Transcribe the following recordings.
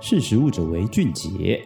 識食物者為俊傑。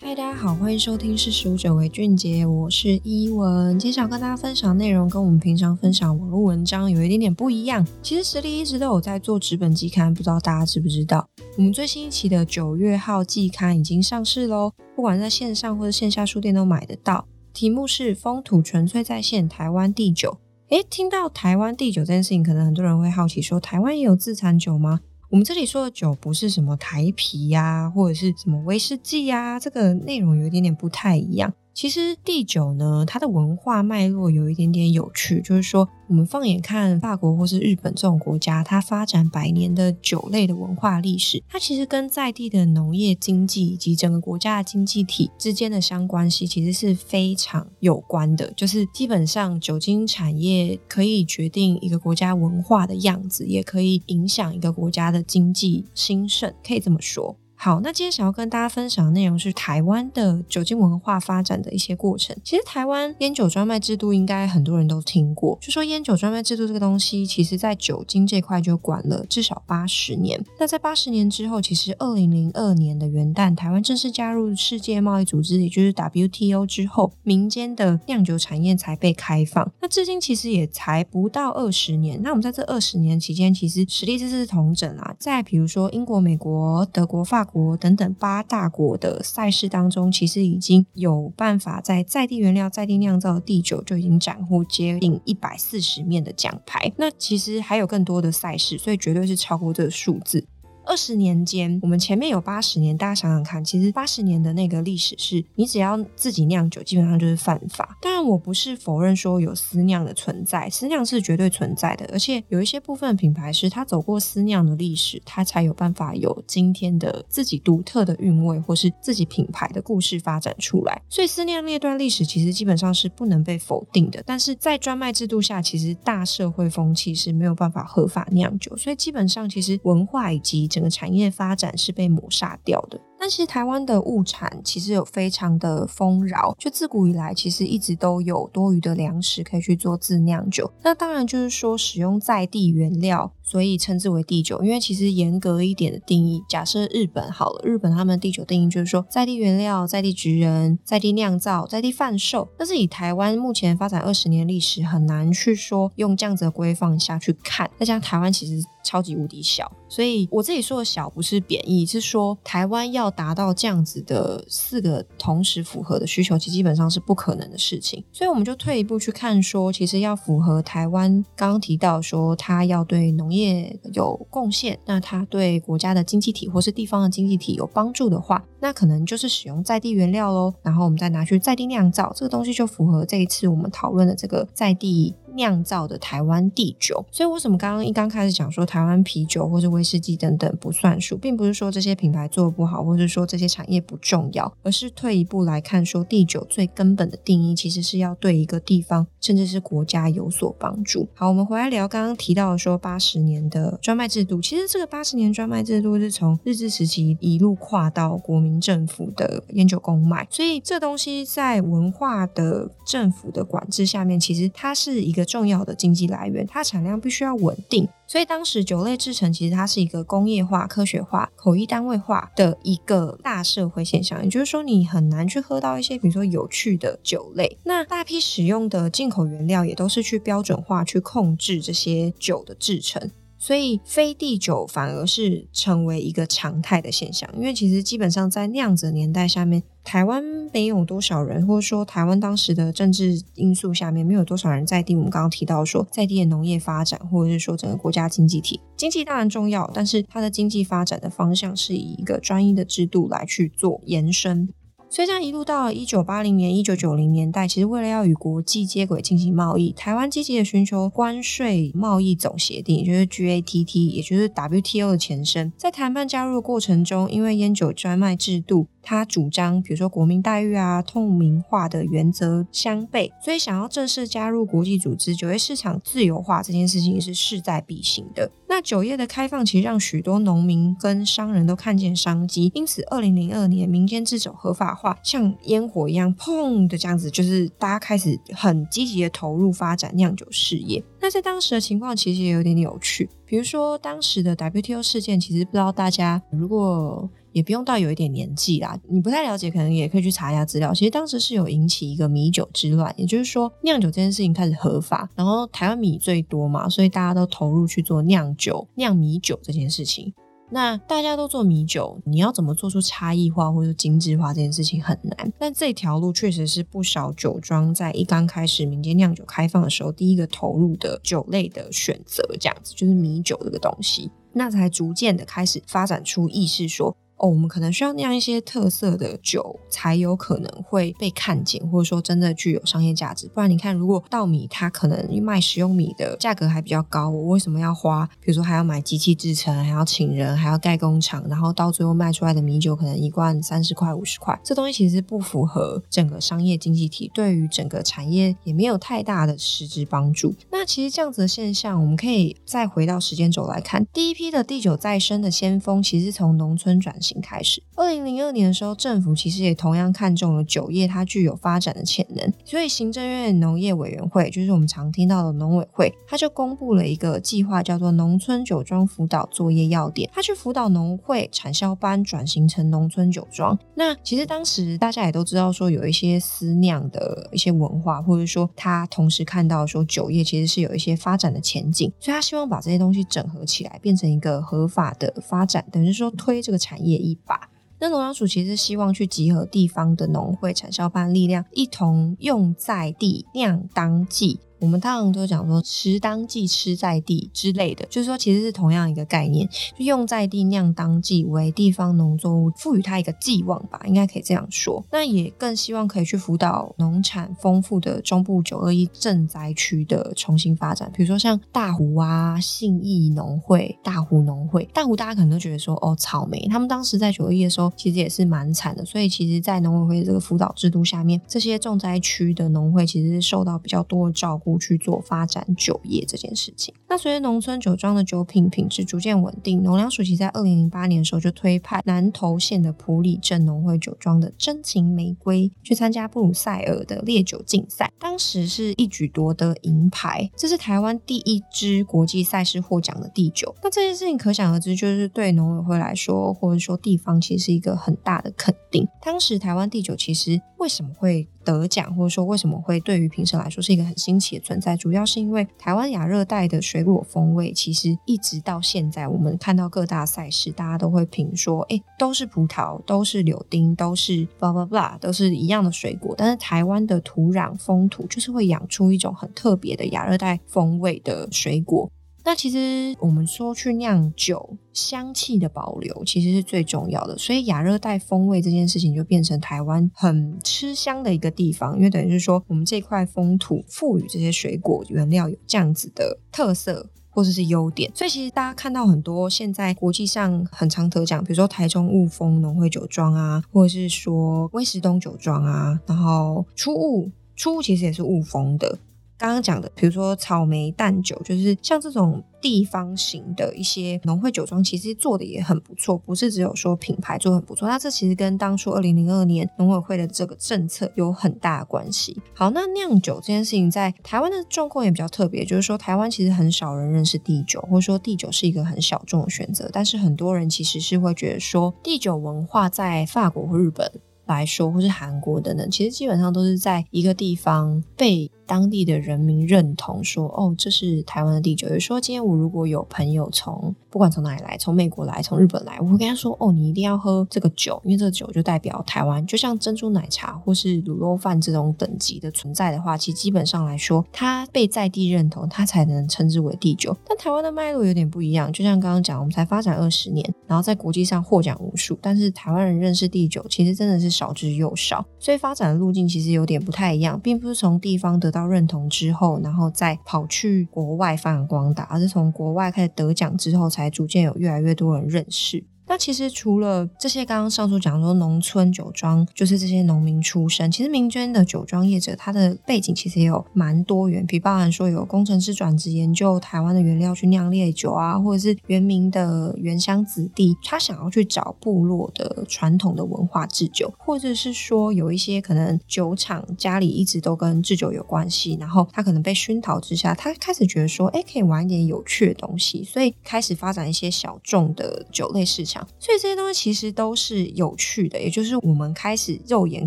嗨，大家好，歡迎收聽《識食物者為俊傑》，我是依文。今天想跟大家分享內容跟我們平常分享網絡文章有一點點不一樣。其實食力一直都有在做紙本季刊，不知道大家知不知道？我們最新一期的九月號季刊已經上市嘍，不管在線上或者線下書店都買得到。題目是《風土純粹再現台灣地酒》。誒，聽到台灣地酒這件事情，可能很多人會好奇說，台灣也有自產酒嗎？我們這裡說的酒不是什麼台啤呀、啊，或者是什麼威士忌呀、啊，這個內容有一點點不太一樣。其實，地酒呢，它的文化脈絡有一點點有趣，就是說，我們放眼看法國或是日本這種國家，它發展百年的酒類的文化歷史，它其實跟在地的農業經濟以及整個國家的經濟體之間的相關係，其實是非常有關的。就是基本上，酒精產業可以決定一個國家文化的樣子，也可以影響一個國家的經濟興盛，可以這麼說。好，那今天想要跟大家分享的內容是台灣的酒精文化發展的一些過程。其實台灣煙酒專賣制度應該很多人都聽過，就說煙酒專賣制度這個東西，其實在酒精這塊就管了至少八十年。那在八十年之後，其實二零零二年的元旦，台灣正式加入世界貿易組織，也就是 WTO 之後，民間的釀酒產業才被開放。那至今其實也才不到二十年。那我們在這二十年期間，其實實力是是同整啊。再比如說英國、美國、德國、法國、國等等八大國的賽事當中，其實已經有辦法在在地原料、在地釀造的地酒就已經斬獲接近一百四十面的獎牌。那其實還有更多的賽事，所以絕對是超過這個數字。二十年間，我們前面有八十年，大家想想看，其實八十年的那個歷史是你只要自己釀酒，基本上就是犯法。當然，我不是否認說有私釀的存在，私釀是絕對存在的，而且有一些部分品牌是他走過私釀的歷史，他才有辦法有今天的自己獨特的韻味，或是自己品牌的故事發展出來。所以，私釀那段歷史其實基本上是不能被否定的。但是在專賣制度下，其實大社會風氣是沒有辦法合法釀酒，所以基本上其實文化以及。整個產業的發展是被抹殺掉的，但其實台灣的物產其實有非常的豐饒，就自古以來其實一直都有多餘的糧食可以去做自釀酒，那當然就是說使用在地原料，所以稱之為地酒。因為其實嚴格一點的定義，假設日本好了，日本他們的地酒定義就是說在地原料、在地麴人、在地釀造、在地販售，但是以台灣目前發展二十年的歷史，很難去說用這樣子的規範下去看，再加上台灣其實超級無敵小，所以我自己說的小不是貶義，是說台灣要達到這樣子的四個同時符合的需求，其實基本上是不可能的事情。所以我們就退一步去看說，說其實要符合台灣剛剛提到說它要對農業有貢獻，那它對國家的經濟體或是地方的經濟體有幫助的話，那可能就是使用在地原料嘍，然後我們再拿去在地釀造，這個東西就符合這一次我們討論的這個在地釀造的台灣地酒，所以為什麼剛剛一剛開始講說台灣啤酒或者威士忌等等不算數，並不是說這些品牌做不好，或者是說這些產業不重要，而是退一步來看，說地酒最根本的定義其實是要對一個地方甚至是國家有所幫助。好，我們回來聊剛剛提到的說八十年的專賣制度，其實這個八十年專賣制度是從日治時期一路跨到國民政府的菸酒公賣，所以這東西在文化的政府的管制下面，其實它是一個。重要的經濟來源，它產量必須要穩定，所以當時酒類制程其實它是一個工業化、科學化、統一單位化的一個大社會現象。也就是說，你很難去喝到一些比如說有趣的酒類。那大批使用的進口原料也都是去標準化、去控制這些酒的制程。所以非地酒反而是成為一個常態的現象，因為其實基本上在那樣子的年代下面，台灣沒有多少人，或者說台灣當時的政治因素下面沒有多少人在地。我們剛剛提到說，在地的農業發展，或者是說整個國家經濟體經濟當然重要，但是它的經濟發展的方向是以一個專一的制度來去做延伸。所以這樣一路到了一九八零年、一九九零年代，其實為了要與國際接軌進行貿易，台灣積極的尋求關稅貿易總協定，也就是 GATT，也就是 WTO 的前身，在談判加入的過程中，因為菸酒專賣制度。他主張，比如說國民待遇啊、透明化的原則相悖，所以想要正式加入國際組織，酒業市場自由化這件事情也是勢在必行的。那酒業的開放其實讓許多農民跟商人都看見商機，因此二零零二年民間自釀合法化，像煙火一樣砰的這樣子，就是大家開始很積極的投入發展釀酒事業。那在當時的情況其實也有點有趣，比如說當時的 WTO 事件，其實不知道大家如果。也不用到有一點年紀啦，你不太了解，可能也可以去查一下資料。其實當時是有引起一個米酒之亂，也就是說釀酒這件事情開始合法，然後台灣米最多嘛，所以大家都投入去做釀酒、釀米酒這件事情。那大家都做米酒，你要怎麼做出差異化或者精緻化這件事情很難，但這條路確實是不少酒莊在一剛開始民間釀酒開放的時候，第一個投入的酒類的選擇這樣子，就是米酒這個東西，那才逐漸的開始發展出意識說，哦，我們可能需要釀一些特色的酒，才有可能會被看見，或者說真的具有商業價值。不然，你看，如果稻米它可能賣食用米的價格還比較高，我為什麼要花？比如說還要買機器製成，還要請人，還要蓋工廠，然後到最後賣出來的米酒可能一罐三十塊、五十塊，這東西其實不符合整個商業經濟體，對於整個產業也沒有太大的實質幫助。那其實這樣子的現象，我們可以再回到時間軸來看，第一批的地酒再生的先鋒，其實從農村轉。新開始。二零零二年的時候，政府其實也同樣看中了酒業它具有發展的潛能，所以行政院農業委員會，就是我們常聽到的農委會，他就公布了一個計劃，叫做《農村酒莊輔導作業要點》，他去輔導農會產銷班轉型成農村酒莊。那其實當時大家也都知道，說有一些私釀的一些文化，或者說他同時看到說酒業其實是有一些發展的前景，所以他希望把這些東西整合起來，變成一個合法的發展，等於說推這個產業一把。那農糧署其實希望去集合地方的農會、產銷班力量，一同用在地釀當季。我們通常都講說“吃當季吃在地”之類的，就是說其實是同樣一個概念，就用在地釀當季，為地方農作物賦予它一個寄望吧，應該可以這樣說。那也更希望可以去輔導農產豐富的中部九二一震災區的重新發展，比如說像大湖啊、信義農會、大湖農會、大湖，大家可能都覺得說哦，草莓，他們當時在九二一的時候其實也是蠻慘的，所以其實，在農委會的這個輔導制度下面，這些重災區的農會其實是受到比較多的照顧，去做發展酒業這件事情。那隨着農村酒莊的酒品品質逐漸穩定，農糧署其在二零零八年的時候就推派南投縣的埔里鎮農會酒莊的真情玫瑰去參加布魯塞爾的烈酒競賽，當時是一舉奪得銀牌，這是台灣第一支國際賽事獲獎的地酒。那這件事情可想而知，就是對農委會來說，或者說地方其實是一個很大的肯定。當時台灣地酒其實為什麼會得獎，或者說為什麼會對於評審來說是一個很新奇的存在，主要是因為台灣亞熱帶的水果風味，其實一直到現在，我們看到各大賽事，大家都會評說，哎、欸，都是葡萄，都是柳丁，都是，巴拉巴拉，都是一樣的水果，但是台灣的土壤風土，就是會養出一種很特別的亞熱帶風味的水果。那其實我們說去釀酒，香氣的保留其實是最重要的，所以亞熱帶風味這件事情就變成台灣很吃香的一個地方，因為等於是說我們這塊風土賦予這些水果原料有這樣子的特色或者是，是優點，所以其實大家看到很多現在國際上很常得獎，比如說台中霧峰農會酒莊啊，或者是說威石東酒莊啊，然後初霧初霧其實也是霧峰的。剛剛講的，比如說草莓蛋酒，就是像這種地方型的一些農會酒莊，其實做的也很不錯，不是只有說品牌做很不錯。那這其實跟當初二零零二年農委會的這個政策有很大的關係。好，那釀酒這件事情在台灣的狀況也比較特別，就是說台灣其實很少人認識地酒，或者說地酒是一個很小眾的選擇，但是很多人其實是會覺得說地酒文化在法國和日本。來說，或是韓國等等，其實基本上都是在一個地方被當地的人民認同說，說哦，這是台灣的地酒。比如說，今天我如果有朋友從不管從哪裡來，從美國來，從日本來，我會跟他說，哦，你一定要喝這個酒，因為這個酒就代表台灣。就像珍珠奶茶或是滷肉飯這種等級的存在的話，其實基本上來說，它被在地認同，它才能稱之為地酒。但台灣的脈絡有點不一樣，就像剛剛講，我們才發展二十年，然後在國際上獲獎無數，但是台灣人認識地酒，其實真的是。少之又少，所以發展的路徑其實有點不太一樣，並不是從地方得到認同之後，然後再跑去國外發揚光大，而是從國外開始得獎之後，才逐漸有越來越多人認識。那其實除了這些剛剛上述講說，農村酒莊就是這些農民出身。其實民間的酒莊業者，他的背景其實也有蠻多元。比方說，有工程師轉職研究台灣的原料去釀烈酒啊，或者是原民的原鄉子弟，他想要去找部落的傳統的文化制酒，或者是說有一些可能酒廠家裡一直都跟制酒有關係，然後他可能被熏陶之下，他開始覺得說，哎，可以玩一點有趣的東西，所以開始發展一些小眾的酒類市場。所以這些東西其實都是有趣的，也就是我們開始肉眼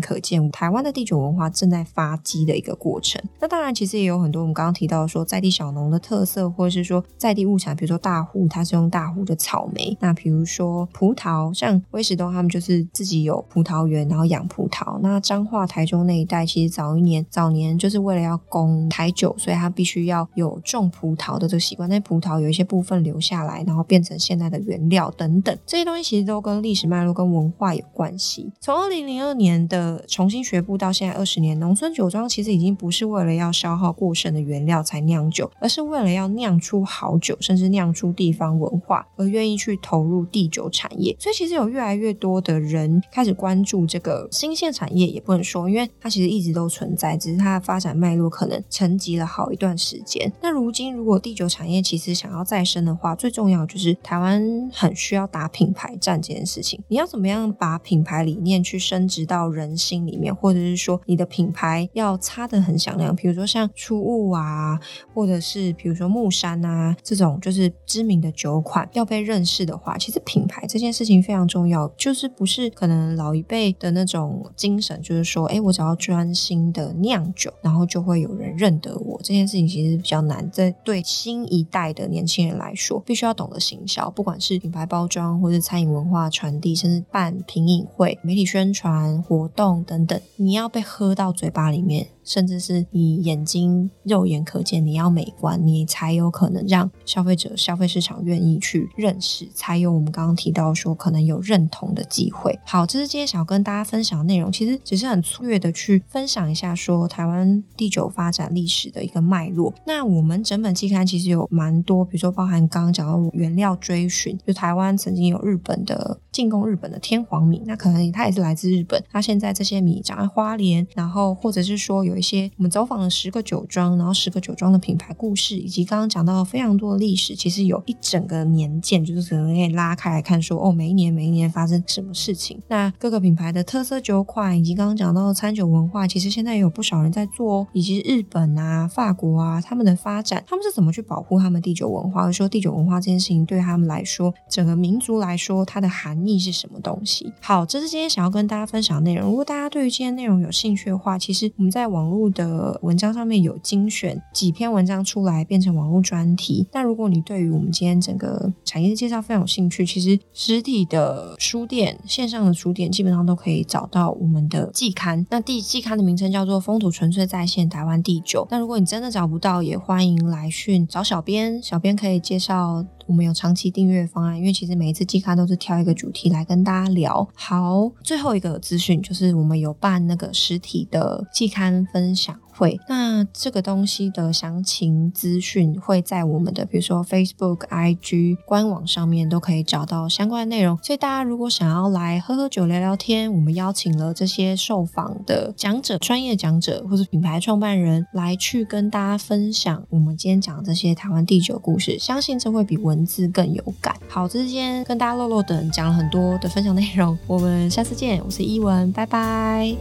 可見，台灣的地酒文化正在發跡的一個過程。那當然，其實也有很多我們剛剛提到的，說在地小農的特色，或者是說在地物產，比如說大湖，它是用大湖的草莓，那比如說葡萄，像威石東他們就是自己有葡萄園，然後養葡萄。那彰化、台中那一帶，其實早一年、早年就是為了要供台酒，所以他必須要有種葡萄的這個習慣。那葡萄有一些部分留下來，然後變成現在的原料等等。這這些東西其實都跟歷史脈絡、跟文化有關係。從二零零二年的重新學步到現在二十年，農村酒莊其實已經不是為了要消耗過剩的原料才釀酒，而是為了要釀出好酒，甚至釀出地方文化而願意去投入地酒產業。所以其實有越來越多的人開始關注這個新興產業，也不能說，因為它其實一直都存在，只是它的發展脈絡可能沉寂了好一段時間。那如今如果地酒產業其實想要再生的話，最重要就是台灣很需要打品。品牌站這件事情，你要怎麼樣把品牌理念去升值到人心裡面，或者是說你的品牌要擦得很響亮，比如說像初霧啊，或者是比如說木山啊這種就是知名的酒款，要被認識的話，其實品牌這件事情非常重要，就是不是可能老一輩的那種精神，就是說，哎，我只要專心的釀酒，然後就會有人認得我，這件事情其實比較難，在對新一代的年輕人來說，必須要懂得行銷，不管是品牌包裝或者。餐飲文化傳遞，甚至辦品飲會、媒體宣傳活動等等，你要被喝到嘴巴裡面。甚至是你眼睛肉眼可見，你要美觀，你才有可能讓消費者、消費市場願意去認識，才有我們剛剛提到說可能有認同的機會。好，這是今天想要跟大家分享的內容，其實只是很粗略的去分享一下說台灣地酒發展歷史的一個脈絡。那我們整本期刊其實有蠻多，比如說包含剛剛，剛講到原料追尋，就台灣曾經有日本的進貢，日本的天皇米，那可能它也是來自日本。它現在這些米，長在花蓮，然後或者是說有。一些我們走訪了十個酒莊，然後十個酒莊的品牌故事，以及剛剛講到了非常多的歷史，其實有一整個年鑑，就是可能可以拉開來看說，說哦，每一年每一年發生什麼事情。那各個品牌的特色酒款，以及剛剛講到的餐酒文化，其實現在也有不少人在做哦，以及日本啊、法國啊他們的發展，他們是怎麼去保護他們地酒文化，而、就是、說地酒文化這件事情對他們來說，整個民族來說它的含義是什麼東西？好，這是今天想要跟大家分享的內容。如果大家對於今天內容有興趣的話，其實我們在網網絡的文章上面有精選幾篇文章出來，變成網絡專題。那如果你對於我們今天整個產業的介紹非常有興趣，其實實體的書店、線上的書店基本上都可以找到我們的季刊。那第季刊的名稱叫做《風土純粹再現》台灣地酒。那如果你真的找不到，也歡迎來訊找小編，小編可以介紹。我們有長期訂閱方案，因為其實每一次季刊都是挑一個主題來跟大家聊。好，最後一個資訊就是我們有辦那個實體的季刊分享。會，那這個東西的詳情資訊會在我們的比如說 Facebook、IG 官網上面都可以找到相關的內容。所以大家如果想要來喝喝酒、聊聊天，我們邀請了這些受訪的講者、專業講者或者品牌創辦人來去跟大家分享我們今天講這些台灣地酒故事，相信這會比文字更有感。好，今天跟大家落落地講了很多的分享內容，我們下次見，我是依文，拜拜。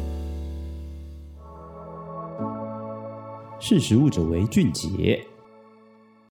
識食物者為俊傑。